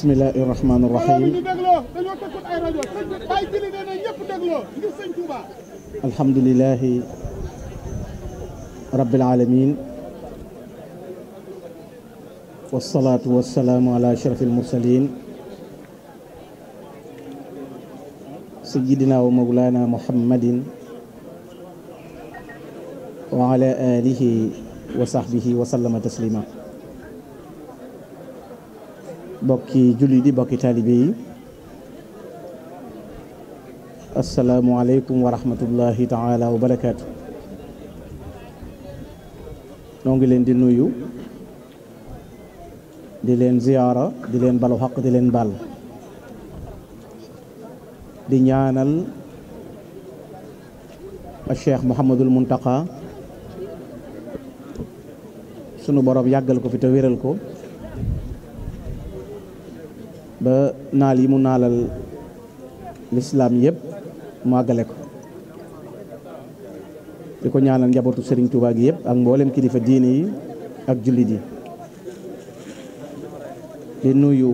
bismillahi rahmaani rahim alhamdulilahi rabbil alamin wasalaatu wasalaamu ala ashraf almursalin sayidina wa mawlana muhammadin wa ala alihi wa sahbihi wa sallama taslima bokki julli di bokki taalibe yi asalaamualeykum wa rahmatullahi taala wa barakaatu noo ngi leen di nuyu di leen ziyaara di leen balu xaq di leen bal di ñaanal a cheikh Mouhamadul Muntaqa sunu borom yàggal ko fi te wéral ko ba naal yi mu naalal lislaam yëpp mu àggale ko di ko ñaanal njabootu sëriñ Touba gi yëpp ak mboolem kilifa diini yi ak jullit yi di nuyu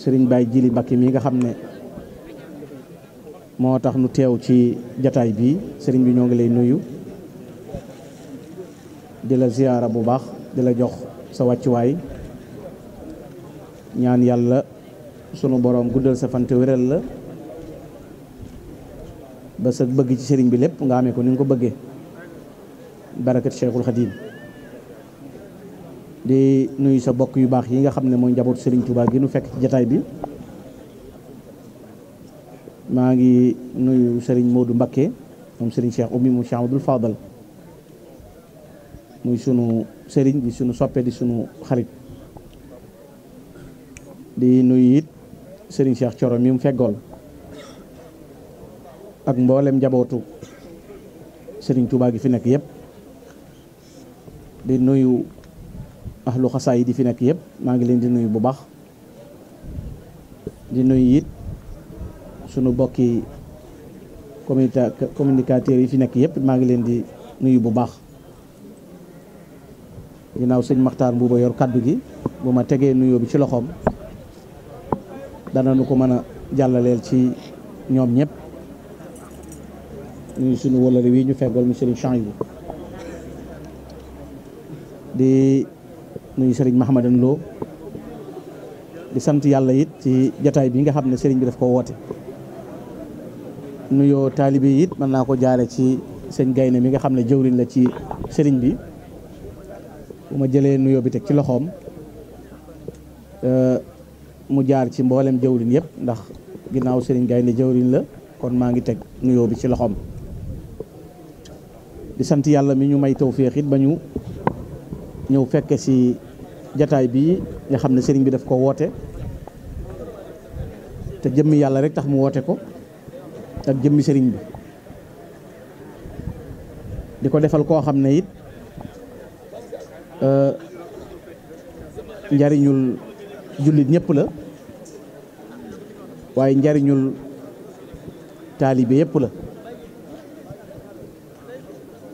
sëriñ Baye Jili Mbacke mii nga xam ne moo tax nu teew ci jataay bi sëriñ bi ñoo ngi lay nuyu di la ziyaara bu baax di la jox sa wàccuwaay ñaan yàlla sunu boroom guddal sa fante wéral la ba sa bëgg ci sëriñ bi lépp nga amee ko ni nga ko bëggee barakat Cheikhul Khadim di nuyu sa bokk yu baax yi nga xam ne mooy njabootu sëriñ Touba gi nu fekk ci jataay bi maa ngi nuyu sëriñ Modou Mbakke moom sëriñ Cheikh Oumy mu Cheikh Abdoul Fadal muy sunu sëriñ bi sunu soppe di sunu xarit di nuyu it sëriñ Cheikh Thioro mi mu feggool ak mboolem njabootu sëriñ Touba gi fi nekk yëpp di nuyu ahlu xasaa yi di fi nekk yëpp maa ngi leen di nuyu bu baax di nuyu it sunu bokki communica communicateurs yi fi nekk yëpp maa ngi leen di nuyu bu baax ginnaaw sëñ Maxtaar Mbuuba yor kàddu gi bu ma tegee nuyoo bi ci loxoom dana danañu ko mën a jàllaleel ci ñoom ñëpp ñuy suñu wëlëri wi ñu feggool mu sëriñ Changou di nuyu sëriñ Mahamadan di sant yàlla yit ci jataay bi nga xam ne sëriñ bi def ko woote nuyoo taalibe it mën naa ko jaare ci sëñ Gaynde mi nga xam ne jëwriñ la ci sëriñ bi bu ma jëlee nuyoo bi teg ci loxoom euh, mu jaar ci mboolem jëwriñ yëpp ndax ginnaaw sëriñ gaynde jëwriñ la kon maa ngi teg nuyoo bi ci loxoom di sant yàlla mi ñu may tawféex it ba ñu ñëw fekke si jataay bii nga xam ne sëriñ bi daf ko woote te jëmmi yàlla rek tax mu woote ko ak jëmmi sëriñ bi di ko defal koo xam ne it euh, njariñul jullit ñëpp la waaye njariñul taalibe yëpp la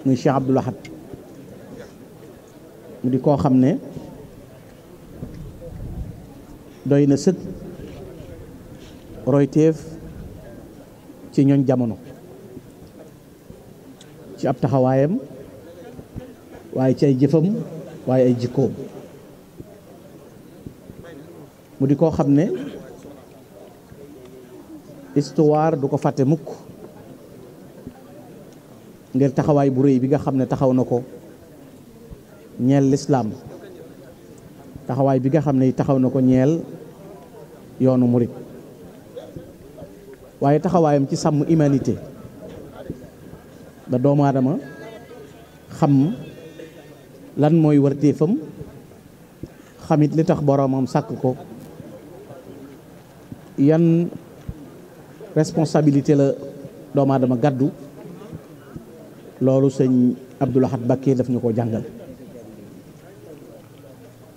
muy Cheikh Abdoul Ahad mu di koo xam ne doy na sëkk royteef ci ñooñ jamono ci ab taxawaayam waaye ci ay jëfam waaye ay jikkoom mu di koo xam ne histoire du ko fàtte mukk ngir taxawaay bu rëy bi nga xam ne taxaw na ko ñeel lislaam taxawaay bi nga xam ne taxaw na ko ñeel yoonu murit waaye taxawaayam ci sàmm humanité da doomu aadama xam lan mooy warteefam xamit li tax boroomam sàkk ko yan responsabilité la doomaadama gàddu loolu sëñ Abdou Lahad Mbacké daf ñu ko jàngal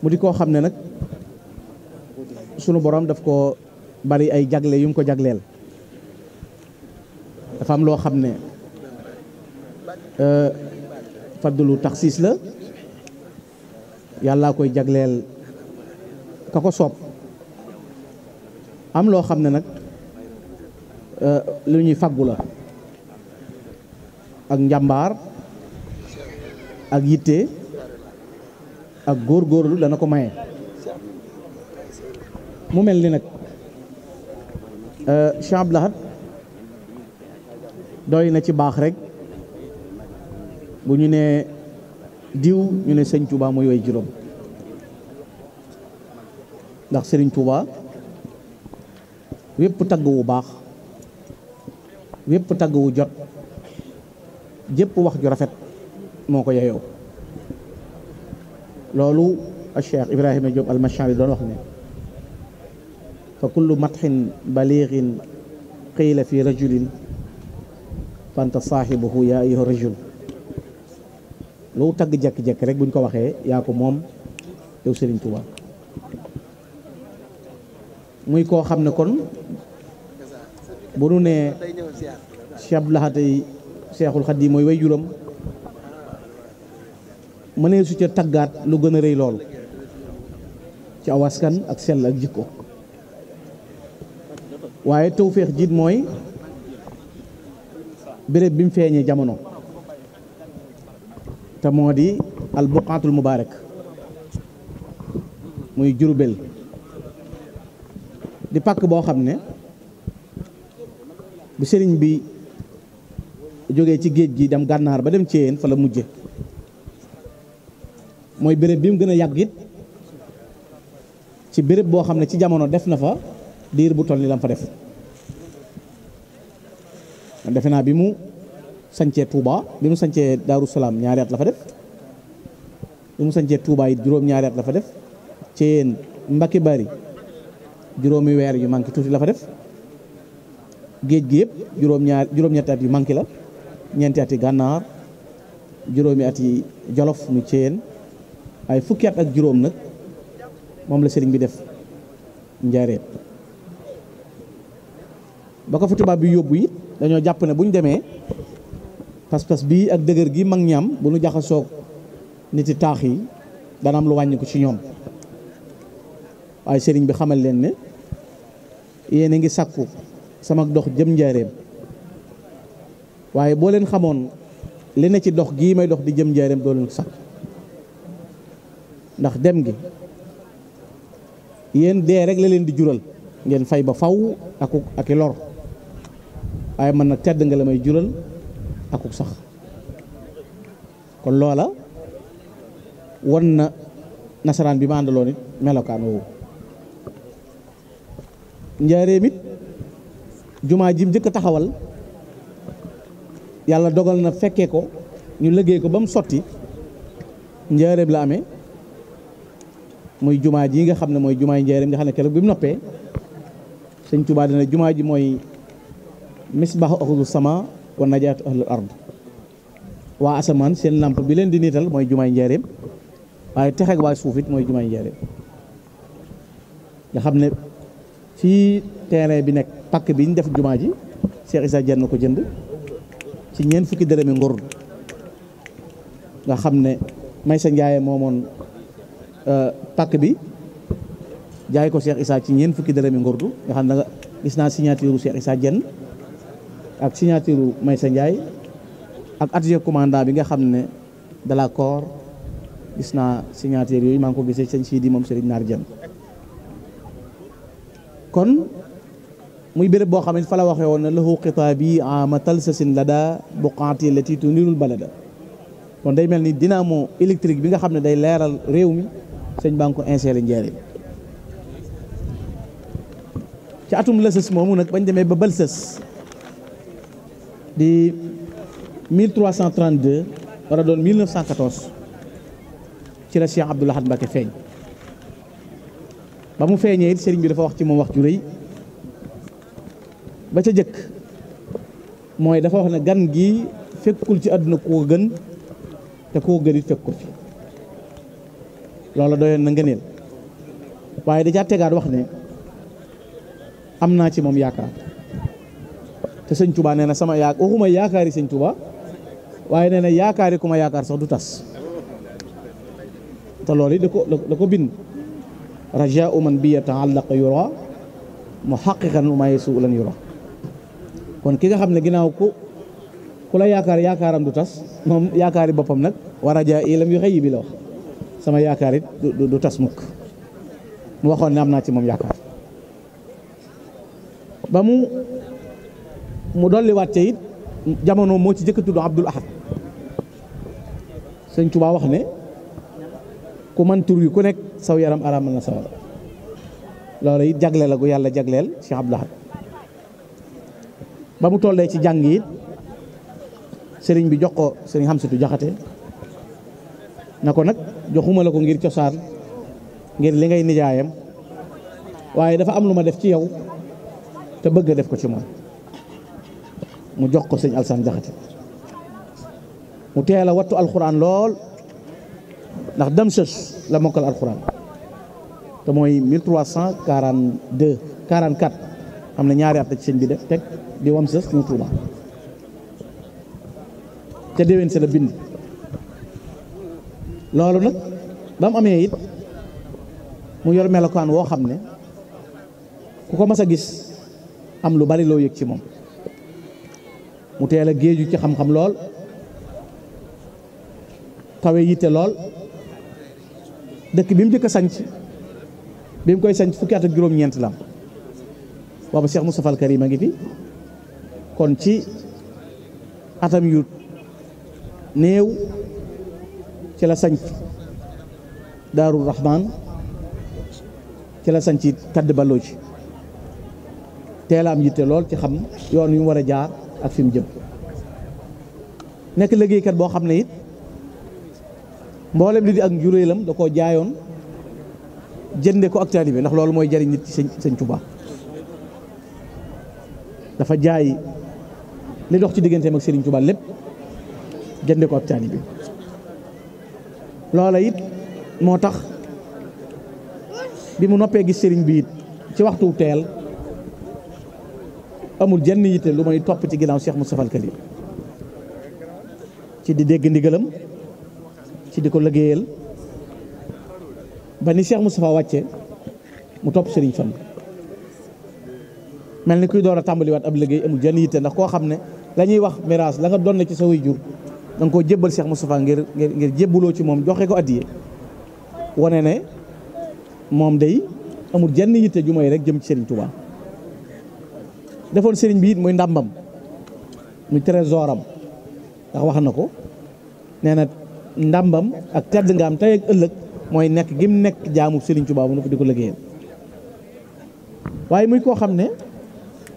mu di koo xam ne nag sunu borom daf ko bari ay jagle yu mu ko jagleel dafa am loo xam ne euh, fadlu taxis la yàllaa koy jagleel ka ko soob am loo xam ne nag euh, lu ñuy faggu la ak njàmbaar ak yitte ak góorgóorlu dana ko maye mu mel ni nag euh, Cheikh Abdou Lahad doy na ci baax rek bu ñu ne diw ñu ne sëñ Touba mooy way juróom ndax sëriñ Touba wépp tagg wu baax wépp tagg wu jot jépp wax ju rafet moo ko yeyoo loolu Cheikh Ibrahima Diop almachari doon wax ne fa kullu matxin baliixin qiila fi rajulin fanta saaxibuhu yaa ayyuha rajul lu tagg jekk-jekk rek buñ ko waxee yaa ko moom yow Serigne Touba muy koo xam ne kon bu nu nee Cheikh Abdou Lahad tey Cheikhul Khadim mooy way juram mënee su ca taggaat lu gën a rëy lool ci aw askan ak sell ak jikko waaye tawféex jiit mooy béréb bi mu feeñee jamono te moo di al buqaatul mubaarak muy Jurbel di pàkk boo xam ne bu sëriñ bi jógee ci géej gi dem gànnaar ba dem Thiéyène fa la mujje mooy bërëb bi mu gën a yàgg it ci béréb boo xam ne ci jamono def na fa diir bu toll ni lam fa def defe naa bi mu sañcee Touba bi mu sancee Daaru Salaam ñaari at la fa def bi mu sancee Touba it juróom ñaari la fa def Thiéyène Mbacke Bari juróomi weer yu manqué tuuti la fa def géej gi yëpp juróom-ñaar juróom-ñetti at yu manqué la ñeenti at gànnaar juróomi at yi jolof mu ceen ay fukki at ak juróom nag moom la sëriñ bi def njaareet ba ko fa tubaab bi yóbbu it dañoo jàpp ne bu ñu demee pas-pas bii ak dëgër gi mag ñaam bu nu jaxasoog niti taax yi dana am lu wàññi ci ñoom waaye sëriñ bi xamal leen ne yéen a ngi sakku sama dox jëm njaareem waaye boo leen xamoon li ne ci dox gii may dox di jëm njaareem doo leen ko ndax dem gi yéen dee rek la leen di jural ngeen fay ba faw ak ak i lor waaye man nag tedd nga la may jural akuk sax kon loola won na nasaraan bi ma àndaloon it melokaan njaareem it jumaa ji njëkk a taxawal yàlla dogal na fekkee ko ñu liggéey ko ba mu sotti njaareem la amee muy jumaa ji nga xam ne mooy jumaa yi njaareem nga xam ne keroog bi mu noppee sëñ Tuubaa dina jumaa ji mooy misbaaxu axudu sama wa najaatu waa asamaan seen làmp bi leen di niital mooy jumaay njaareem waaye texeeg waa suuf it mooy jumaay njaareem nga xam ne fii terrain bi nekk pàkk bi ñu def jumaa ji Cheikh Issa Diène ko jënd ci ñeent fukki dërëmi ngor nga xam ne may sa Ndiaye moomoon euh, pàkk bi jaay ko Cheikh Issa ci ñeent fukki dërëmi ngordu nga xam ne nga gis naa signature Cheikh Issa Diène ak signature Maysa Ndiaye ak atelier commandant bi nga xam ne de la corps gis naa signature yooyu maa ngi ko gisee sii di moom Serigne Naar Diène kon muy béréb boo xam ne fa la waxee woon ne lahu xitaabi ama talsasin la daa buqaati lati tunirul balada kon day mel ni dynamo électrique bi nga xam ne day leeral réew mi sëñ baa ngi ko inséré njëriñ ci atum lësës moomu nag bañ demee ba balsës di 1332 war a doon 1914 ci la Cheikh Abdoul Ahad Mbacké feeñ ba mu feeñee it sëriñ bi dafa wax ci moom wax ju rëy ba ca jëkk mooy dafa wax ne gan gi fekkul ci àdduna ku ko gën te ku ko gën it ko fi loola doyoon na ngëneel waaye da tegaat wax ne am naa ci moom yaakaar te sëñ Touba nee na sama yaakaar waxuma yaakaari sëñ Touba waaye nee na yaakaari ku ma yaakaar sax du tas te loolu it da ko da ko bind. raja uman bi yataallaqa yura mu xaqiqan u maye suulan yura kon ki nga xam ne ginnaaw ku ku la yaakaar yaakaaram du tas moom yaakaar yaakaari boppam nag wa raja i lam yu xëy bi la wax sama yaakaar it du tas mukk mu waxoon ne am naa ci moom yaakaar ba mu mu dolli wàcce it jamono moo ci jëkk tudd Abdul Ahad sëñ Tuubaa wax ne ku man tur wi ku nekk saw yaram araamal na sawara loolu it jagle la gu yàlla jagleel Cheikh Abdou Lahad ba mu tollee ci jàng it sëriñ bi jox ko sëriñ Xamsatu Jaxate na ko nag joxuma la ko ngir cosaan ngir li ngay nijaayam waaye dafa am lu ma def ci yow te bëgg a def ko ci moom mu jox ko sëñ Alsaan Jaxate mu teel wattu alxuraan lool ndax dem sës la mokkal alxuraan te mooy 1342 44 am na ñaari at ak sëñ bi def teg di wam sës ñu Tuuba te déwén sa la bind loolu nag ba mu amee it mu yor melokaan woo xam ne ku ko mas a gis am lu bari loo yëg ci moom mu teel a géeju ci xam-xam lool kawe yitte lool dëkk bi mu njëkk a sanc bi mu koy sanc fukki at juróom-ñeent lam booba Cheikh Moustapha al Karim a ngi fi kon ci atam yu néew ci la sanc Daarul Rahman ci la sanc Kadd Ballooji teelaam yitte lool ci xam yoon yu mu war a jaar ak fi mu jëm nekk liggéeykat boo xam ne it mboolem li di ak njuréelam da koo jaayoon jënde ko ak taalibe ndax loolu mooy jariñ nit ci sëñ Tuubaa dafa jaay li dox ci digganteem ak Serigne Touba lépp jënde ko ak taalibe bi loola it moo tax bi mu noppee gis Serigne bi it ci waxtu teel amul jenn yitte lu may topp ci ginnaaw Cheikh mu Al Karim ci di dégg ndigalam ci di ko liggéeyal ba ni Cheikh wàcce mu topp Serigne Fallou mel ni kuy door a tàmbaliwaat ab liggéey amul jenn yitte ndax koo xam ne la ñuy wax miraas la doon na ci sa waajur da koo jébbal seex Moustapha ngir ngir ngir jébbaloo ci moom joxe ko addiye wane ne moom day amul jenn yitte ju may rek jëm ci Serigne Touba defoon Serigne bi it muy ndàmbam muy trésoram ndax wax na ko nee ndàmbam ak tedd nga am tey ak ëllëg mooy nekk gim nekk jaamu Serigne Touba mu di ko liggéeyal waaye muy koo xam ne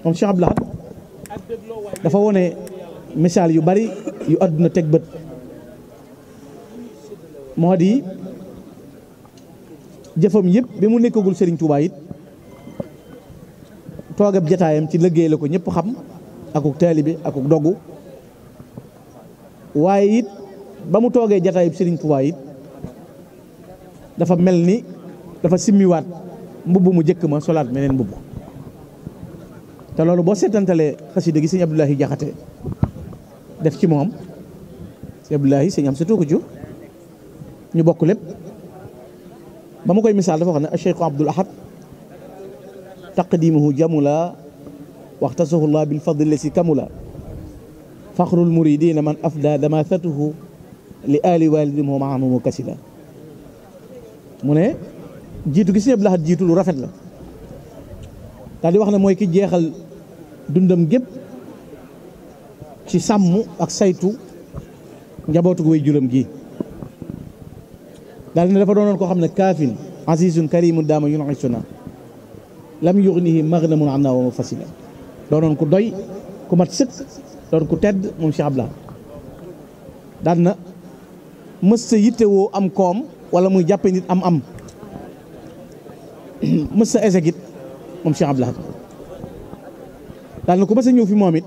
moom Cheikh Abdoul Ahad dafa wone misaal yu bari yu àdduna teg bët moo di jëfam yëpp bi mu nekkagul Serigne Touba it toogab jataayam ci liggéey la ko ñépp xam akuk taalibe akuk doggu waaye it ba mu toogee jataayub Serigne Touba it dafa mel ni dafa simmiwaat mbubb mu jëkk ma solaat meneen mbubb te loolu boo seetantalee xasida gi sëñ Abdoulahi Jaxate def ci moom sëñ Abdoulahi sëñ am sa tuuku ju ñu bokk lépp ba mu koy misaal dafa wax ne Cheikh Abdoul Ahad taqdimuhu jamula waxtasahu llah bilfadli si kamula faxrul muridina man dama damathatuhu li aali waalidi moom maanaam moo kasi mu ne jiitu gi si ñëpp laxat jiitu lu rafet la daal di wax na mooy ki jeexal dundam gépp ci sàmm ak saytu njabootu way juram gi daal ne dafa doonoon koo xam ne kaafin azizun karimun daama yunisuna lam yuxnihi magnamun an naa wa fasila doonoon ku doy ku mat sëkk doon ku tedd moom Cheikh Abdoulaye daan na mës sa yittewoo am koom wala muy jàppe nit am am mësa sa échec it moom Cheikh Abdoul Ahad daal na ko mës a ñëw fi moom it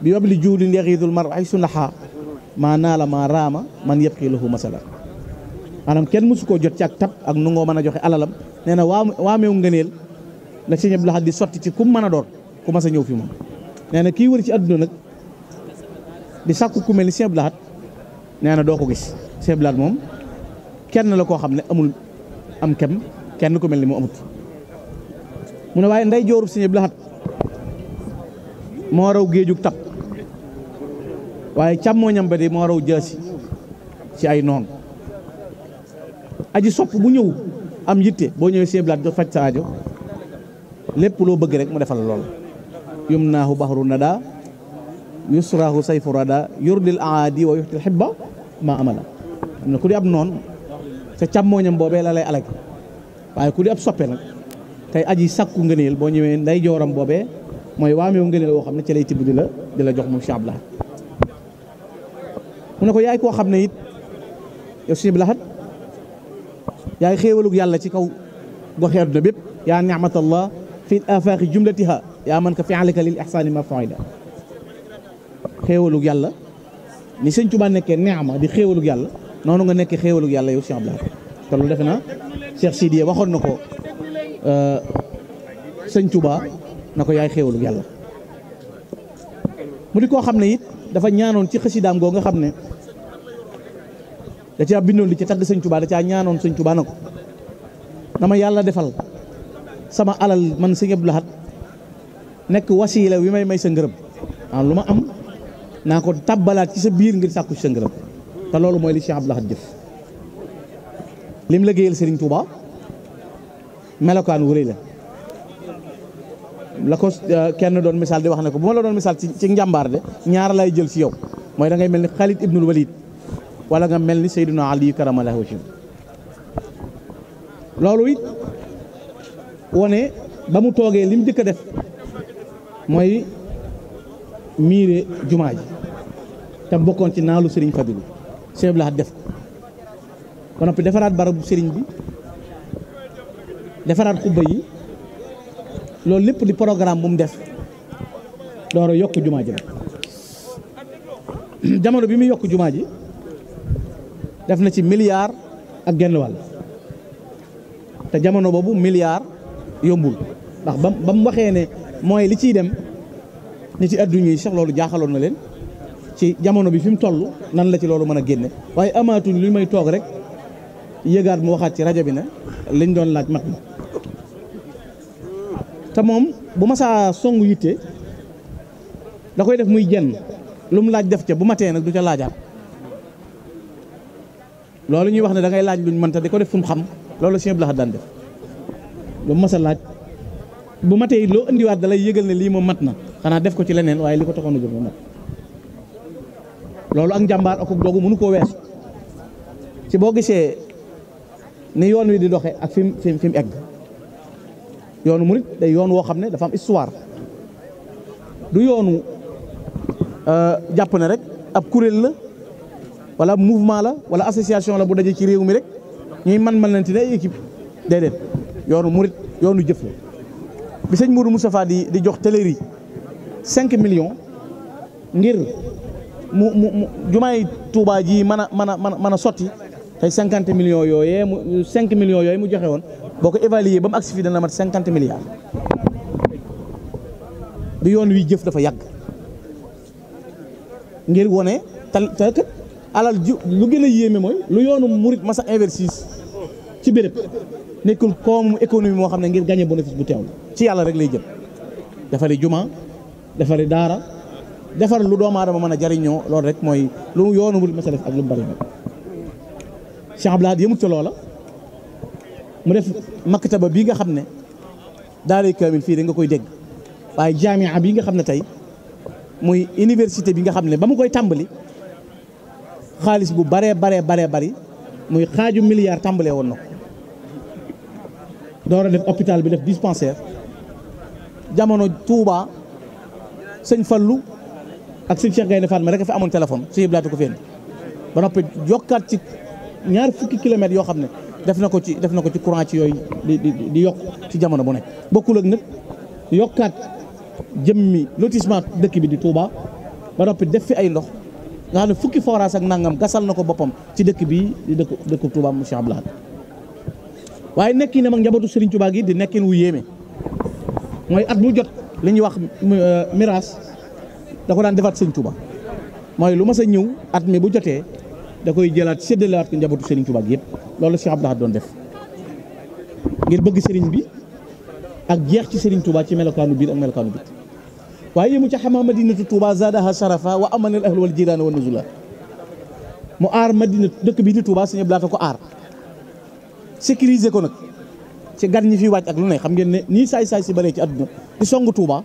bi wabli juulin yaxiidul mar ay su naxaa maa naala maa raama man yabqi lahu masala maanaam kenn mësu koo jot ca ak tab ak nu ngoo mën a joxe alalam nee na waa waameew ngëneel la Cheikh Abdoul Ahad di sotti ci kum mën a doon ku mës a ñëw fi moom nee na kii wër ci àdduna nag di sàkku ku mel ni Cheikh Abdoul nee na doo ko gis Sëñ moom kenn la koo xam ne amul am kem kenn ku mel ni mu amut mu ne waaye nday joorub Sëñ Abdou Lahad moo raw géejug tab waaye càmmooñam ba di moo raw jaasi ci ay noon aji sopp bu ñëw am yitte boo ñëwee Sëñ Abdou Lahad faj sa aajo lépp loo bëgg rek mu defal lool yum naahu na daa yusrahu sayfu rada yurdil aadi wa yuxtil xibba ma amala am na ku di ab noon sa càmmooñam boobee la lay waaye ku di ab soppe nag tey aji sakku ngëneel boo ñëwee nday jooram boobee mooy waameew ngëneel woo xam ne ci lay tibb di la di la jox moom Cheikh Abdou Lahad mu ne ko yaay koo xam ne it yow Cheikh Abdou yaay xéewalug yàlla ci kaw gox àdduna bépp yaa ni'matallah fi afaqi jumlatiha yaa man ka fi alika lil ihsani ma faida xéewalug yàlla ni sëñ Tuubaa nekkee neexama di xéewalug yàlla noonu nga nekkee xéewalug yàlla yow Cheikh Abdou Lahad te loolu defe naa Cheikh Sidiya waxoon na ko euh, sëñ na ko yaay xéewalug yàlla mu di koo xam ne it dafa ñaanoon ci xasidaam goo nga xam ne da caa bindoon li ci tagg sëñ Tuubaa caa ñaanoon sëñ Tuubaa na ko dama yàlla defal sama alal man sëñ Abdou Lahad nekk wasiila wi may may sa ngërëm lu ma am naa ko tàbbalaat ci sa biir ngir sàkku sa ngërëm te loolu mooy li Cheikh Abdou Lahad jëf lim liggéeyal Serigne Touba melokaan wu rëy la la ko euh, kenn doon misaal di wax ne ko bu ma la doon misaal ci ci njàmbaar de ñaar lay jël ci yow mooy da mel ni Khalid Ibnul Walid wala nga mel ni Seydina Ali karamallahu wajhahu loolu it wone ba mu toogee lim jëkk def mooy miire jumaa ji tam bokkoon ci naalu Serigne Fadilou Cheikh seeb def ko ba noppi defaraat barabu sëriñ bi defaraat xubba yi loolu lépp di programme bu mu def door a yokk jumaa ji jamono bi muy yokk jumaa ji def na ci milliard ak genn wàll te jamono boobu milliard yombul ndax ba ba mu waxee ne mooy li ciy dem ni ci àdduna yi sax loolu jaaxaloon na leen ci jamono bi fi mu toll nan la ci loolu mën a génne waaye amaatuñ li may toog rek yëgaat mu waxaat ci rajo bi ne liñ doon laaj mat na te moom bu masaa songu yitte da koy def muy jenn lu laaj def ca bu matee nag du ca laajaat loolu ñuy wax ne da ngay laaj luñ mënta di ko def fu mu xam loolu Sëñ Abdou Lahad daan def lu masa laaj bu matee loo indiwaat da lay ne lii moom mat na xanaa def ko ci leneen waaye li ko taxoon a jóg mat loolu ak njàmbaar ak dogu mënu koo weesu ci boo gisee ni yoon wi di doxe ak fi fim egg yoonu murit day yoon woo xam ne dafa am histoire du yoonu euh, jàpp ne rek ab kuréel la wala mouvement la wala association la bu dajee ci réew mi rek ñuy man-manante ne ay équipe déedéet yoonu murit yoonu jëf la bi sëñ Mourou Moustapha di di jox téléri cinq million ngir mu mu mu jumaay Touba ji mën a mën a mën a sotti tey cinquante millions yooyee mu cinq millions yooyu mu joxe woon boo ko évaluer ba mu agsi fii dana mat cinquante milliards bi yoon wi jëf dafa yàgg ngir wone ta te alal ju lu gën a yéeme mooy lu yoonu murit masa investis ci béréb nekkul koomu économie moo xam ne ngir gagner bénéfice bu teew la ci yàlla rek lay jëm defari juma defari daara defar lu doomu aadama mën a jariñoo loolu rek mooy lu yoonu murid mas def ak lu mu bari nag Cheikh yëmut ca loola mu def maktaba bii nga xam ne daaray kaamil fii da nga koy dégg waaye jaamia bii nga xam ne tey muy université bi nga xam ne ba mu koy tàmbali xaalis bu baree baree baree bari muy xaaju milliard tàmbalee woon na ko door a def hôpital bi def dispensaire jamono Touba sëñ Fallou ak sëñ Cheikh Gaynde Fatma rek a fi amoon téléphone sëñ Ibrahima ko fi indi ba noppi yokkaat ci ñaar fukki kilomètres yoo xam ne def na ko ci def na ko ci courant ci yooyu di di yokk ci jamono bu nekk bokkul ak nag yokkaat jëmmi lotissement dëkk bi di Touba ba noppi def fi ay ndox nga xam ne fukki forage ak nangam gasal na ko boppam ci dëkk bi di dëkku Touba mu Cheikh Abdoulaye waaye nekkin nag njabootu Serigne Touba gi di nekkin wu yéeme mooy at bu jot li ñuy wax euh, miraas da ko daan defaat sëñ Touba mooy lu ma sa ñëw at mi bu jotee da koy jëlaat séddalewaat ko njabootu Serigne Touba gi yëpp loolu Cheikh Abdou Lahad doon def ngir bëgg sëriñ bi ak jeex ci Serigne Touba ci melokaanu biir ak melokaanu bit waaye yému ca xamaa madinatu Touba zaadaha sharafa wa amanal ahlu wal jiraan wa nuzula mu aar madina dëkk bii di Touba Serigne Abdou Lahad ko aar sécuriser ko nag ci gan ñi fi wàcc ak lu ne xam ngeen ne nii saay saay si bëree ci àdduna di song Touba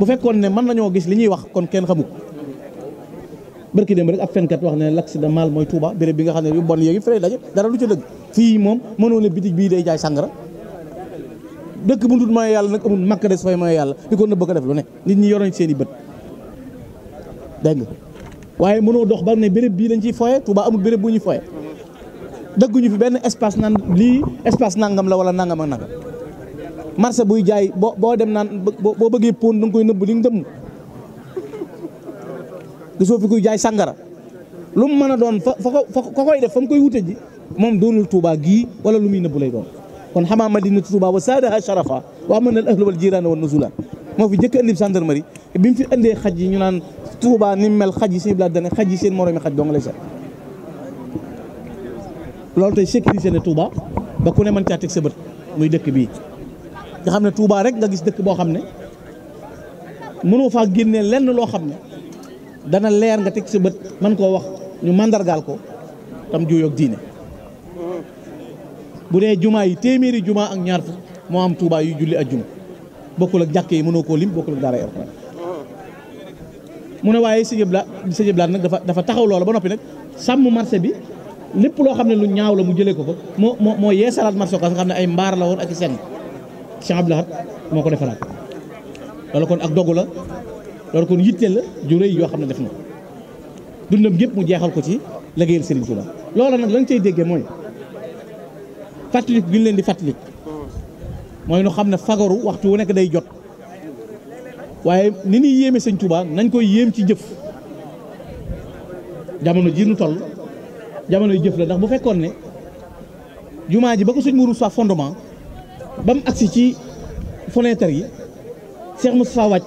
bu fekkoon ne mën nañoo gis li ñuy wax kon kenn xamul barki dem rek ab fenkat wax ne l'accident mal mooy Touba béréb bi nga xam ne yu bon yooyu fi lay daje dara lu ca dëgg fii moom mënoo ne bitig bii day jaay sàngara dëkk bu dul mooy yàlla nag amul makka des fay mooy yàlla di ko nëbb ko def lu ne nit ñi yoroñ seeni i bët dégg nga waaye mënoo dox ba ne béréb bii dañ ciy foye Touba amul béréb bu ñuy foye dëgguñu fi benn espace nan lii espace nangam la wala nangam ak marché buy jaay boo boo dem naan boo bëggee pon da nga koy nëbb li nga dëmm gisoo fi jaay sangara lu mu mën a doon fa fa ko koy def fa koy wute ji moom doonul Touba gii wala lu muy nëbb lay doon kon xamaa madina Touba wa saadaha sharafa wa aman al ahlu wal jirana wa nuzula moo fi jëkk a indi gendarmerie bi mu fi indee xaj yi ñu naan Touba ni mel xaj yi seen blad dana xaj yi seen moromi xaj dong lay set loolu tey sécuriser ne Touba ba ku ne mën caa nga ne tuubaa rek nga gis dëkk boo xam ne mënoo faa génnee lenn loo xam ne dana leer nga teg sa bët man koo wax ñu màndargaal ko tam juyoog diine bu dee jumaa yi téeméeri jumaa ak ñaar fukk moo am tuubaa yu julli ak juma bokkul ak jàkk yi mënoo koo lim bokkul ak daara alxuraan mu ne waaye sëñ Abdou Lahad sëñ Abdou nag dafa dafa taxaw loola ba noppi nag sàmm marché bi lépp loo xam ne lu ñaaw la mu jëlee ko ko moo moo moo yeesalaat marché ko nga xam ne ay mbaar la ak i Cheikh Abdou Lahad moo ko defaraat loolu kon ak dogu la loolu kon yitte la ju rëy yoo xam ne def na dundam gépp mu jeexal ko ci liggéeyal Serigne Touba loola nag la nga cay déggee mooy fàttaliku gi ñu leen di fàttaliku mooy nu xam ne fagaru waxtu wu nekk day jot waaye ni ñuy yéeme Serigne Touba nañ koy yéem ci jëf jamono ji nu toll jamono jëf la ndax bu fekkoon ne jumaa ji ba ko suñ muru sa fondement ba mu si ci fenêtre yi Cheikh Moustapha wàcc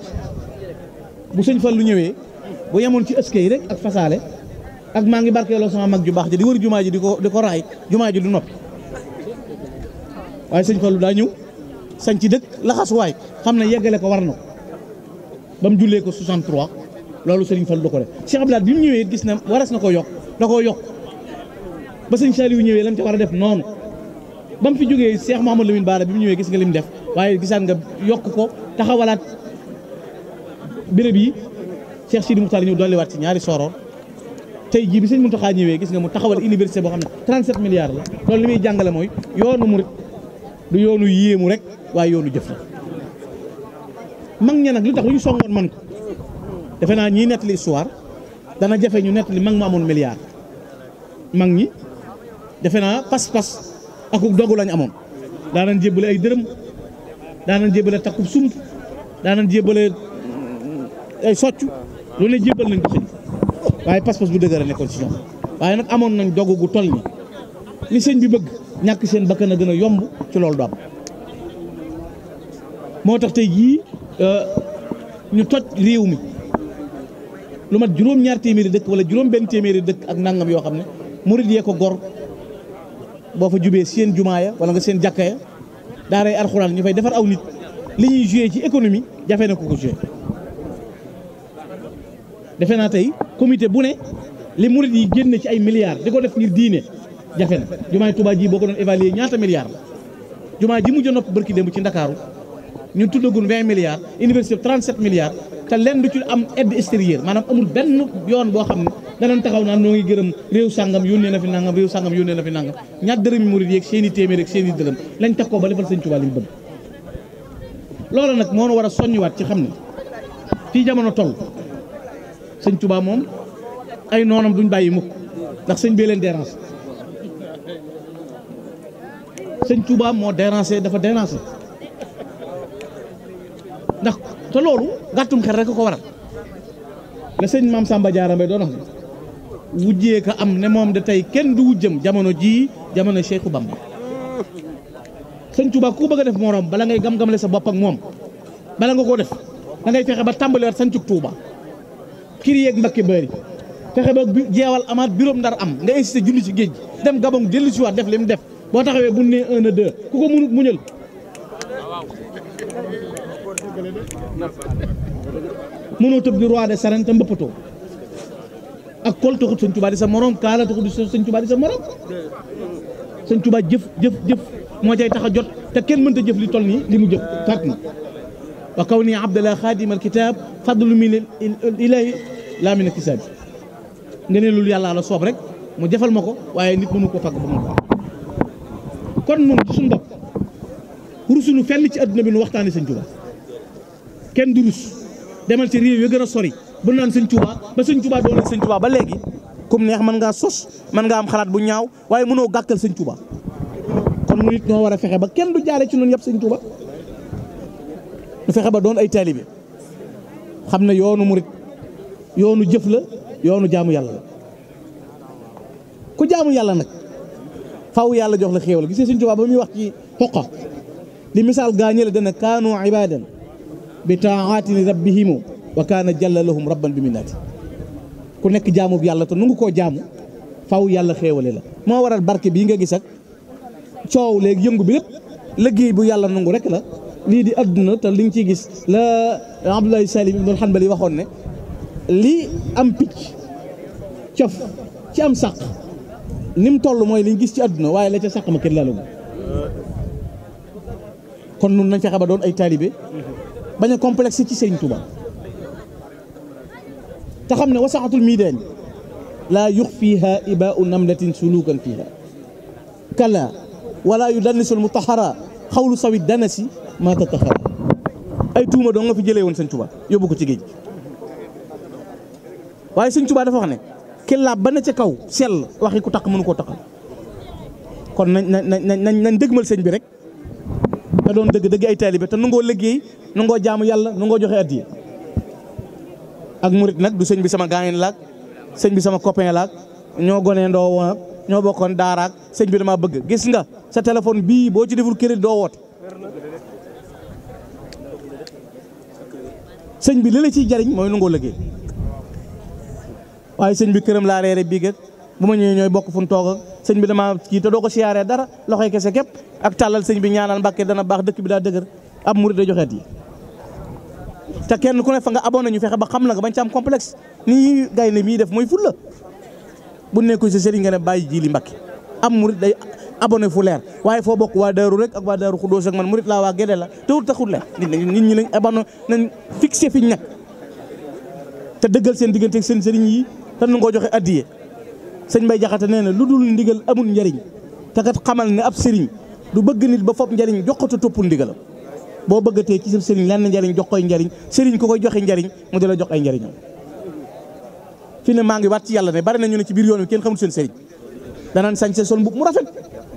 bu sëñ lu ñëwee bu yemoon ci ëskee rek ak fasaale ak maa ngi barkeeloo sama mag ju baax ji di wër jumaa ji di ko di raay jumaa ji du noppi waaye sëñ Fallu daa ñëw sañ ci dëkk laxasuwaay xam ne yeggale ko war na ko ba mu jullee ko 63 loolu sëriñ Fallu da ko def Cheikh Abdoulaye bi mu ñëwee gis na waras na ko yokk da koo yokk ba sëñ Saliou ñëwee lam ca war a def noonu ba mu fi jógee Cheikh Mouhamadou Lamine Bara bi mu ñëwee gis nga lim def waaye gisaat nga yokk ko taxawalaat béréb yi Cheikh Sidi Moukhtar ñëw dolliwaat ci ñaari sooroor tey jii bi sëñ Mountakha ñëwee gis nga mu taxawal université boo xam ne 37 milliards la loolu li muy jàngale mooy yoonu murit du yoonu yéemu rek waaye yoonu jëf la mag ña nag lu tax lu ñu songoon man ko defe naa net li histoire dana jafe ñu li mag mu amoon milliard mag ñi defe naa pas-pas akuk dogu lañ amoon daanañ jébbale ay dërëm daanañ jébbale takkub sump daanañ jébbale ay soccu lu ne jébbal nañ ko sëñ waaye pas-pas bu dëgër nekkoon ci ñoom waaye nag amoon nañ dogu gu toll li sëñ bi bëgg ñàkk seen bakkan a gën a yomb ci loolu du am moo tax tey jii euh, ñu toj réew mi lu mat juróom-ñaar téeméeri dëkk wala juróom benn téeméeri dëkk ak nangam yoo xam ne murid yee ko gor boo fa jubee seen jumaa ya wala nga seen jàkka ya daaray alxuraan ñu fay defar aw nit li ñuy joué ci économie jafe na ko ko joué defe naa tey comité bu ne li murid yi génn ci ay milliards di ko def ngir diine jafe na jumaay Tuubaa ji boo ko noon évaluer ñaata milliards la jumaa ji mujj a nopp bërki démb ci Ndakaaru ñun tuddagun 20 milliards université 37 milliards te lenn du ci am aide extérieure maanaam amul benn yoon boo xam ne danañ taxaw naan noo ngi gërëm réew sàngam yónnee na fi nangam réew sàngam yónnee na fi nangam ñaar dërëmi i téeméer ak seen i dërëm lañ tax koo ba defal sëñ Tuubaa liñ bëgg loolu nag moo war a soññiwaat ci xam ne fii jamono toll sëñ Tuubaa moom ay noonam duñ bàyyi mukk ndax sëñ bee leen dérange sëñ Tuubaa moo dérangé dafa dérangé ndax te loolu gàttum xel rek ko waral la sëñ maam Samba Diarra Mbaye doon wax ne am ne moom de tey kenn du wujjam jamono jii jamono Cheikh Bamba sëñ Touba ku bëgg def morom bala ngay gam-gamle sa bopp ak moom bala nga koo def da ngay fexe ba tàmbaliwaat sañ cug Touba kir yeeg Mbakke bari fexe ba jeewal amaat biroom ndar am nga sa julli ci géej dem Gabon dellu si waat def li def boo taxawee bu ne un à deux ku ko munut muñal mënoo tëb di roi de sarène te mbëppatoo ak kol taxut sëñ Tuubaa di sa morom kaala taxut sëñ sa morom sëñ Tuubaa jëf jëf jëf moo cay tax a jot te kenn mënta jëf li toll nii li mu jëf faat na wa kaw nii abdallah xaadim alkitab fadlu min ilahi laa min alkitab nga ne loolu yàlla la soob rek mu jëfal ma ko waaye nit mënu ko fagg ba mu ko kon nun suñu bopp rusuñu fenn ci adduna bi nu waxtaane sëñ Tuubaa kenn du rus demal ci réew yi gën a sori bu naan sëñ Tuubaa ba sëñ doon sëñ Tuubaa ba léegi comme neex man ngaa sos mën ngaa am xalaat bu ñaaw waaye mënoo gàkkal sëñ Tuubaa kon nu nit ñoo war a fexe ba kenn du jaare ci noonu yëpp sëñ Tuubaa du fexe ba doon ay taalibe xam ne yoonu murit yoonu jëf la yoonu jaamu yàlla la ku jaamu yàlla nag faw yàlla jox la xéewal gisee sëñ Tuubaa ba muy wax ci xoqa li misaal gaañale dana kaanu ibadan bi taaati rabbihimu wa kaana jalla lahum rabban bi minnaati ku nekk jaamu bi yàlla te nu koo jaamu faw yàlla xéewale la moo waral barke bii nga gis ak léegi yëngu bi lépp liggéey bu yàlla nangu rek la lii di àdduna te li nga ciy gis la Abdoulaye Salim Ibn Hanbali waxoon ne li am picc cof ci am sàq ni mu toll mooy liñ gis ci àdduna waaye la ca sàq ma kenn laalu kon nun nañ fexe ba ay taalibe bañ a complexe ci Serigne Touba xam ne wasaxatul miidaan laa yux fiiha ibaau namlatin sulukan fiiha kala wala yu dannisul mutahara xawlu sawi danasi maa tatahara ay tuuma doo nga fi jëlee woon Serigne Touba yóbbu ko ci géej waaye Serigne tuba dafa wax ne ba na ca kaw sell waxi ku takk mënu koo takkal kon nañ nañ nañ nañ dëgmal bi rek te doon dëgg dëgg ay taalibe te nangoo liggéey nangoo jaamu yàlla nangoo joxe addiya ak murit nag du sëñ bi sama gaañin laag sëñ bi sama copain laag ñoo gonee ndoo woon ñoo bokkoon daaraak sëñ bi dama bëgg gis nga sa téléphone bii boo ci deful crédit doo woote sëñ bi li la ciy jariñ mooy nangoo liggéey waaye sëñ bi këram laa reere bii bu ma ñëwee ñooy bokk fu mu sëñ bi dama kii te doo ko siyaaree dara loxoy kese képp ak tàllal sëñ bi ñaanal mbàkke dana baax dëkk bi daa dëgër ab murid da joxeet yi te kenn ku ne fa nga abonné ñu fexe ba xam la nga bañ am complexe nii gay ne mooy ful la bu nekku nga ne bàyyi ji li mbàkke am murid day abonné fu leer waaye foo bokk waa daaru rek ak waa daaru xudóos ak man murid laa waa gédé la te wut taxul leer nit ñi nañ abonné nañ fixé fi ñu nekk dëggël dëggal seen diggante ak seen sëriñ yi te nu joxe addiye sëñ Mbay Jaxate nee na lu dul ndigal amul njariñ te kat xamal ne ab sëriñ du bëgg nit ba fopp njariñ jox ko te toppul ndigalam boo bëggatee ci sa sëriñ lenn njariñ jox koy njariñ sëriñ ko koy joxe njariñ moo di la jox ay njariñam fi ne maa ngi waat ci yàlla ne bari na ñu ne ci biir yoon wi kenn xamul seen sëriñ danaan sañ seen sol mbub mu rafet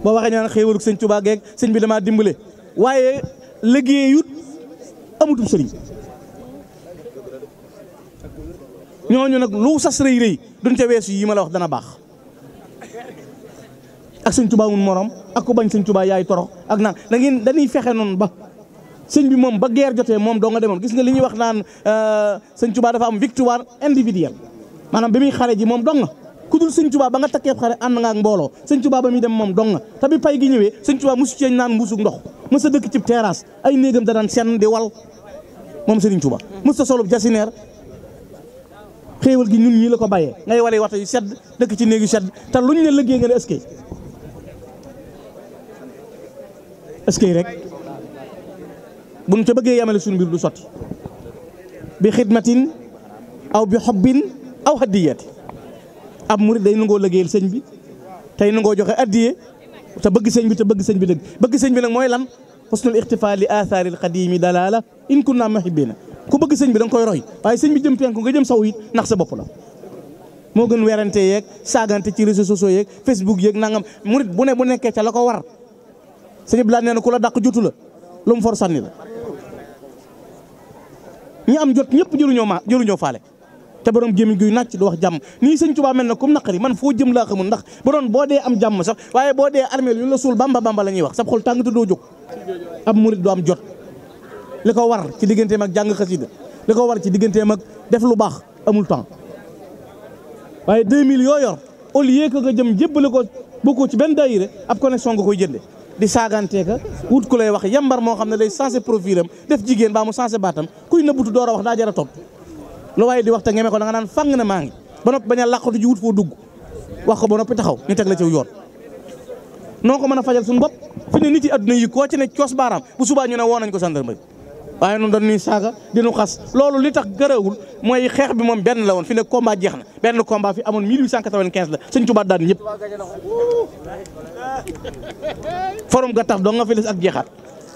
boo waxee ñu naan xéewalug sëñ Tuubaa geeg sëñ bi damaa dimbale waaye liggéeyut amutum sëriñ ñooñu nag lu sas rëy rëy duñ yi ma la wax dana baax ak sëñ Tuubaa mun morom ak ku bañ sëñ Tuubaa yaay torox ak naan da ngeen dañuy fexe noonu ba sëñ bi moom ba guerre jotee moom doo nga demoon gis nga li ñuy wax naan euh, sëñ Tuubaa dafa am victoire individuelle maanaam bi muy xare ji moom dong nga ku dul sëñ Tuubaa ba nga takkee xare ànd nga ak booloo sëñ Tuubaa ba muy dem moom dong nga te bi pay gi ñëwee sëñ Tuubaa mosu cee naan mbuusug ndox mës a dëkk cib terrasse ay néegam da daan senn di wal moom sëriñ Tuubaa mës a solub jasineer xéewal gi ñun ñii la ko bàyyee ngay walee waxtu yu sedd dëkk ci néeg yu te luñ ne liggéey est que rek bu ñu ca bëggee yamale suñu bi du sot bi xidmatin aw bi xobbin aw haddiyati ab murid day nangoo liggéeyal sëñ bi tey nangoo joxe addiye te bëgg sëñ bi te bëgg sëñ bi dëgg bëgg sëñ bi nag mooy lan xusnul ixtifa li athaari alqadimi dalaala in kunna muhibbina ku bëgg sëñ bi da koy roy waaye sëñ bi jëm penku nga jëm saw it ndax sa bopp la moo gën werante yeeg saagante ci réseaux sociaux yeeg Facebook yeeg nangam murid bu ne bu nekkee ca la ko war sëñ bi laa nee na ku la daq jotu la lu mu for sànni la ñi am jot ñëpp jëruñoo ma jëruñoo faale te borom jëm guy nàcc du wax jàmm nii sëñ Tuubaa mel na comme naqari man foo jëm laa xamul ndax bu doon boo dee am jàmm sax waaye boo dee armeel yu la suul bamba bamba la ñuy wax sab xol tàng te doo jóg ab murit du am jot li ko war ci digganteem ak jàng xasida li ko war ci digganteem ak def lu baax amul temps waaye 2000 yoo yor au lieu que nga jëm jébbale ko bokkoo ci benn daayira ab connexion nga koy jënde di saaganteeka wut ko lay wax yambar moo xam ne day sensé profil def jigéen baa mu sensé baatam kuy nëbbutu door a wax daa jar a waaye di wax te ngeme ko da nga naan fang na maa ngi ba noppi bañ a làqatu ji wut foo dugg wax ko ba noppi taxaw ñu teg la ci yoon noo ko mën a fajal suñu bopp fi ne nit yi adduna yi koo ci ne coos baaraam bu subaa ñu ne woo nañ ko gendarmerie waaye noonu dañuy saaga dinu xas loolu li tax gërëwul mooy xeex bi moom benn la woon fi ne combat jeex na benn combat fi amoon 1895 la sëñ Tuubaa daan ñëpp forum ga tax doo nga fi des ak jeexaat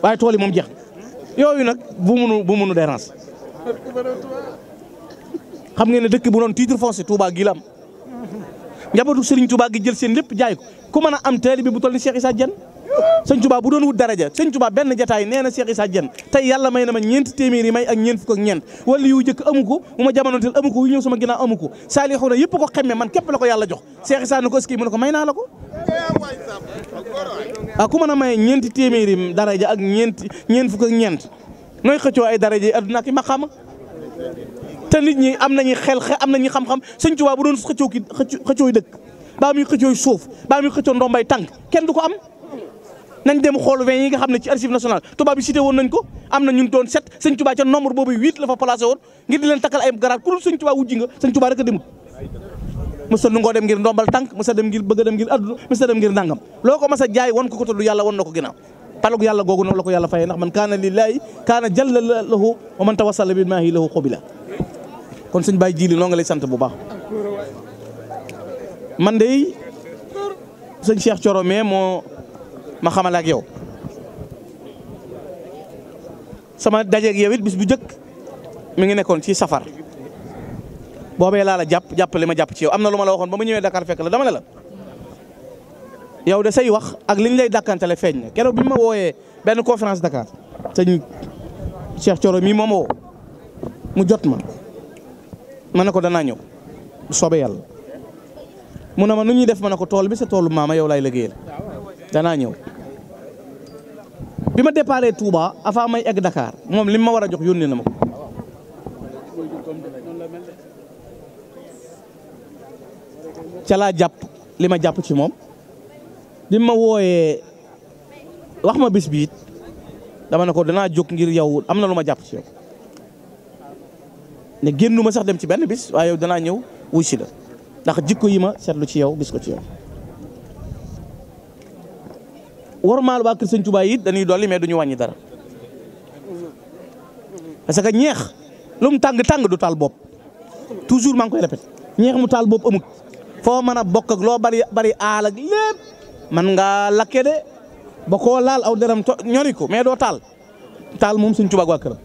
waaye tool yi moom jeex na yooyu nag bu munu bu munu dérange xam ngeen ne dëkk bu doon titre foncier Touba gi lam am njabootu Serigne Touba gi jël seen lépp jaay ko ku mën a am bi bu toll ni Cheikh Issa Diène sëñ Touba bu doon wut daraja sëñ Touba benn jataay nee na Cheikh Issa Diène tey yàlla may na ma ñeenti téeméer yi may ak ñeent fukk ak ñeent wala yu jëkk amu ko mu ma jamonoonteel amu ko yu ñëw sama ginnaaw amu ko saalixu na yëpp ko xemme man képp la ko yàlla jox Cheikh Issa ko ski ko may naa la ko ah ku mën a maye ñeenti téeméer yi daraja ak ñeenti ñeent fukk ak ñeent nooy xëccoo ay daraja yi adduna ak i maqaama te nit ñi am nañu xel xe am nañu xam-xam sëñ Touba bu doon xëccoo ki xëccooy dëkk baa muy xëccooy suuf baa muy xëccoo ndombay tànk kenn du ko am nañ dem xool vingt yi nga xam ne archive nationale tubaab bi cité woon nañ ko am na ñun doon sept sëñ tubaa ca nombre boobu huit la fa placé woon ngir di leen takkal ay garaat ku dul sëñ tubaa wujji nga rek a demul mësa nu ngoo dem ngir ndombal tànk mësa dem a dem ngir adduna mësa jaay wan ko ko tudd yàlla wan na ko ginnaaw palug yàlla googu noonu la ko yàlla fayee ndax man kaana lillaahi kaana jalla lahu wa man tawassala bi maahi lahu xobila kon sëñ Baye Jili noo nga lay sant ma xamal ak yow sama dajeeg yow it bis bu njëkk mu ngi nekkoon ci safar boobee laala jàpp jàpp li ma jàpp ci yow am na lu ma la waxoon ba ma ñëwee Dakar fekk la dama ne la yow de say wax ak liñ lay dàkkantale feeñ na keroog bi ma wooyee benn conférence Dakar sëñ Cheikh Thioro mii moom mu jot ma ma ne ko danaa ñëw soobe yàlla mu ne ma nu ñuy def ma ne ko tool bi sa toolu maama yow lay liggéeyal danaa ñëw bi ma déparé Touba avant may egg dakaar moom lim ma war a jox yónnee na ma ko ca jàpp li ma jàpp ci moom bi ma wooyee wax ma bis bi dama ne ko danaa jóg ngir yow am na lu ma jàpp ci yow ne génnu ma sax dem ci benn bis waaye danaa ñëw wuy si la ndax jikko yi ma seetlu ci yow gis ci yow warmaal waa kër yit Tuubaa yi dañuy dolli mais duñu waññi dara parce que ñeex lu mu tàng tàng du taal bopp toujours maa ngi koy répété ñeex mu taal bopp amut foo mën a bokk ak loo bari bari aal ak lépp man ngaa lakke de ba koo laal aw deram ñori ko mais doo taal taal moom sëñ Tuubaa ak waa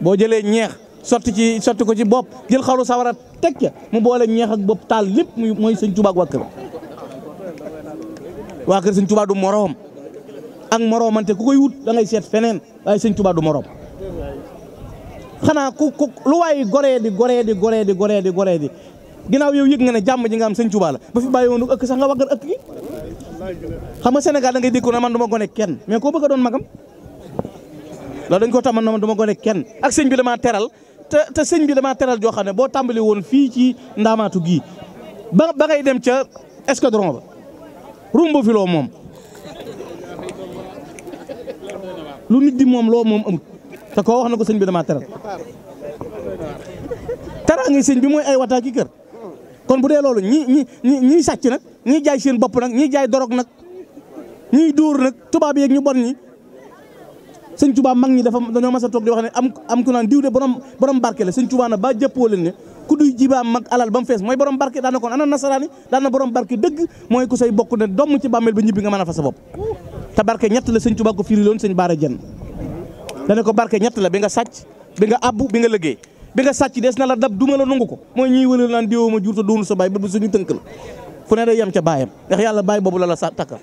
boo jëlee ñeex sotti ci sotti ko ci bopp jël xaru sawara teg ca mu boole ñeex ak bopp taal lépp muy mooy sëñ Tuubaa ak waa këram waa kër sëñ Tuubaa du moroom ak moroomante ku koy wut da ngay seet feneen waaye sëñ du moroom xanaa ku ku lu waay goree di goree di goree di goree di goree di ginnaaw yow yëg nga ne jàmm ji nga am sëñ Tuubaa la ba fi bàyyi woon ëkk sax nga waggar ëkk gi xam nga senegal danga ngay dégg man du ma gone kenn mais koo bëgg a doon magam loolu dañ ko tax man du ma gone kenn ak sëñ bi damaa teral te te sëñ bi damaa teral joo xam ne boo tàmbali woon fii ci ndaamaatu gi ba ba ngay dem ca escadron ba rumbo filoo moom. lu nit di moom loo moom amut te koo wax na ko sëñ bi damaa teral teraangi sëñ bi mooy ay wataa ki kër kon bu dee loolu ñi ñi ñi ñiy sàcc nag ñiy jaay seen bopp nag ñiy jaay dorog nag ñiy dóor nag tubaab yeeg ñu bon ñi sëñ Tuubaa mag ñi dafa dañoo a toog di wax ne am am ku naan diw de borom borom barke la sëñ Tuubaa na ba jëppoo leen ku duy jibaa mag alal ba mu fees mooy borom barke daan na kon ana nasaraani daan na borom barke dëgg mooy ku say bokk ne domm ci bàmmeel ba ñibbi nga mën a fa sa bopp te barke ñett la sëñ Tuubaa ko firi loon sëñ Baara Jën dana ko barke ñett la bi nga sàcc bi nga abbu bi nga liggéey bi nga sàcc des na la dab duma la nungu ko mooy ñuy wëlal naan diwoo ma jur te doonu sa baay ba bu suñu tënk la fu ne day yem ca baayam ndax yàlla baay boobu la la sa takkal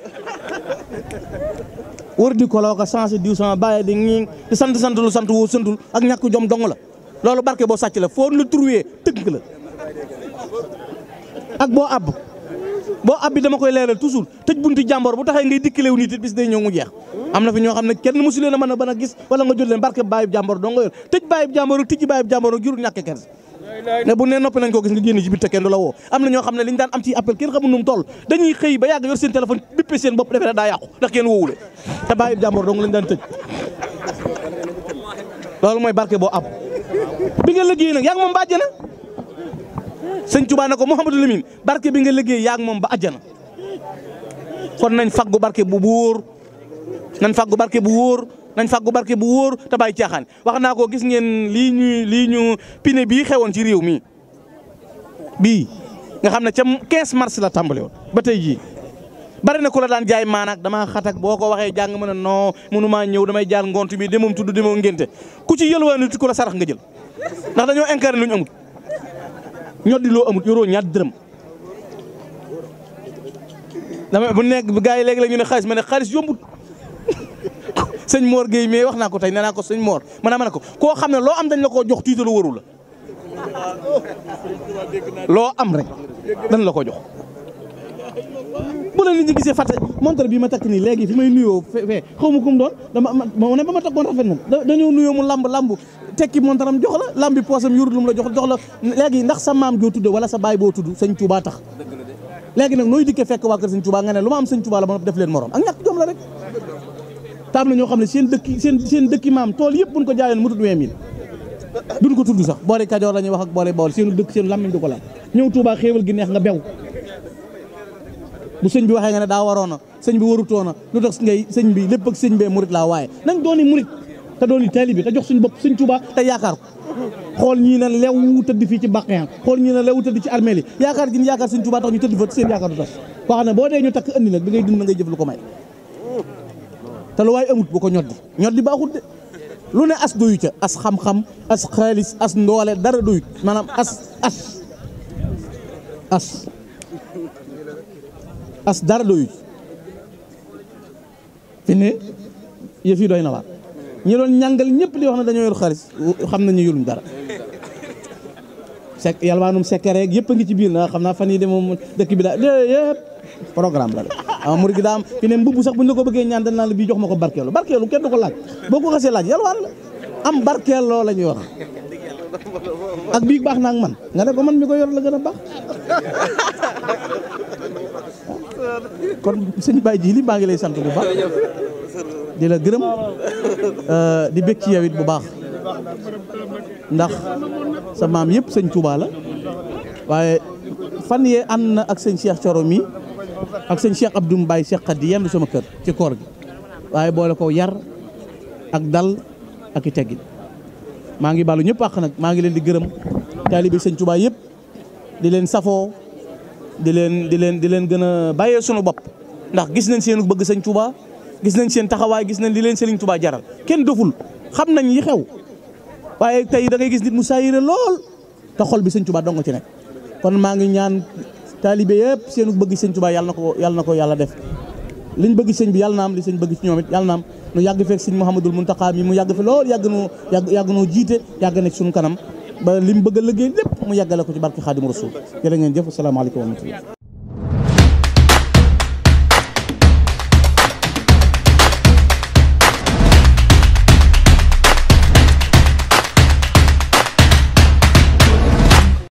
wër di ko la ko changé diw sama baay di ñi di sant sant sant woo santul ak ñàkk jom dong la loolu barke boo sàcc la foo la trouvé tënk la ak boo àbb boo ab bi dama koy leeral toujours tëj buntu jàmboor bu taxee ngay dikkalewu nit it bis day ñëw mu jeex am na fi ñoo xam ne kenn mosu leen a mën a ban a gis wala nga jot leen barke baayib jàmboor doo nga yor tëj baayib jàmboor ak tijji baayib ne bu ne noppi nañ koo gis nga génn ci biir te kenn du la woo am na ñoo xam ne li daan am ci appel kenn xamul nu dañuy xëy ba yàgg yor seen téléphone bippe seen bopp defee daa yàqu ndax kenn woowule te baayib jàmboor sëñ Tuubaa ne ko Mouhamadou Lamine barke bi nga liggéey yaa ak moom ba àjjana kon nañ faggu barke bu wóor nañ faggu barke bu wóor nañ faggu barke bu wóor te caaxaan wax naa ko gis ngeen lii ñuy lii ñu pine bii xewoon ci réew mi bii nga xam ne cam 15 mars la tàmbale woon ba tey jii bari na ku la daan jaay maanaam dama xatak boo ko waxee jàng ma ne non mënumaa ñëw damay jaar ngont bi demoom tudd demoo ngénte ku ci yëlwaani tu ko la sarax nga jël ndax dañoo incarné lu ñu ñoo di loo amut yoroo ñaat dërëm dama bu nekk gars yi léegi la ñu ne xaalis ma ne xaalis yombut sëñ moor Guèye mais wax naa ko tey nee naa ko sëñ Mor ma ne ma ko koo xam ne loo am dañ la koo jox tiitalu waru la loo am rek dañ la ko jox. bu la nit ñi gisee fàtte bi ma takk nii léegi fi may nuyoo fee xaw ma ku mu doon dama ma ne ba ma takkoon rafet na dañoo nuyoo mu lamb lamb tekki montre am jox la lamb bi poosam yurut lu mu la jox jox la léegi ndax sa maam joo tudd wala sa baay boo tudd sëñ Touba tax léegi nag nooy dikkee fekk waa kër sëñ nga ne lu ma am sëñ Touba la ma def leen morom ak ñàkk jom la rek taam na ñoo xam ne seen dëkki seen seen dëkki maam tool yëpp buñ ko jaayoon mu tudd vingt mille duñ ko tudd sax boori Kajoor la wax ak boori Bawol seenu dëkk seenu lammiñ du ko laal ñëw Touba neex nga bew bu sëñ bi waxee nga ne daa waroona sëñ bi warutoona lu tax ngay sëñ bi lépp ak sëñ bee murit laa waaye nañ dooni murit te dooni taalibe te jox suñ bopp sëñ Tuubaa te yaakaar xool ñii na lew tëdd fii ci bàqeyaan xool ñii na lew tëdd ci armeel yaakaar gi ñu yaakaar sëñ Tuubaa tax ñu tëdd fa seen yaakaar du tas koo xam ne boo dee ñu takk andi nag bi ngay dund na ngay jëf lu ko may te lu waay amut bu ko ñoddi ñoddi baaxut de lu ne as doyu ca as xam-xam as xaalis as ndoole dara doyut maanaam as as as dara doyut fi ne yëf yi na waar ñi doon ñàngal ñëpp di wax ne dañoo yor xaalis xam nañu yuluñ dara sek yalwaanum sekkereeg yëpp a ngi ci biir na xam naa fan yi de moom dëkk bi daa yëpp programme la la ah, gi daa am fi sax buñ ko bëggee ñaan dañ naan la ma ko barkeelu barkeelu kenn du ko laaj boo ko xasee laaj yalwaan la am barkeeloo la ñuy wax ak bii baax naa ak man nga ne ko man mi ko yor la gën a baax kon sëñ Baye Djili maa ngi lay sant bu baax di la gërëm euh, di bég ci yow bu baax ndax sa maam yëpp sëñ Touba la waaye fan yee an ak sëñ Cheikh Coro mi ak sëñ Cheikh Abdou Mbaye Cheikh Khady yendu sama kër ci koor gi waaye boole ko yar ak dal ak i maa ngi baalu ñëpp àq nag maa ngi leen di gërëm taalibe sëñ Touba yëpp di leen safoo di leen di leen di leen gën a bàyyee sunu bopp ndax gis nañ seen bëgg sëñ Touba gis nañ seen taxawaay gis nañ li leen sëriñ Touba jaral kenn doful xam nañ yi xew waaye tey da ngay gis nit mu saayire lool te xol bi sëñ Touba dong ci nekk kon maa ngi ñaan taalibe yëpp seen bëgg sëñ Touba yàlla na ko yàlla na ko yàlla def liñ bëgg sëñ bi yàlla na am li sëñ bëgg ci ñoom it yàlla na am nu yàgg fekk sëñ Mouhamadul Mountakha mi mu yàgg fi lool yàgg nu yàgg yàgg noo jiite yàgg nekk sunu kanam ba li mu bëgg a liggéey lépp mu yàggale ko ci barke Xaadimu Rasuul jërë ngeen jëf asalaamaaleykum wa rahmatulah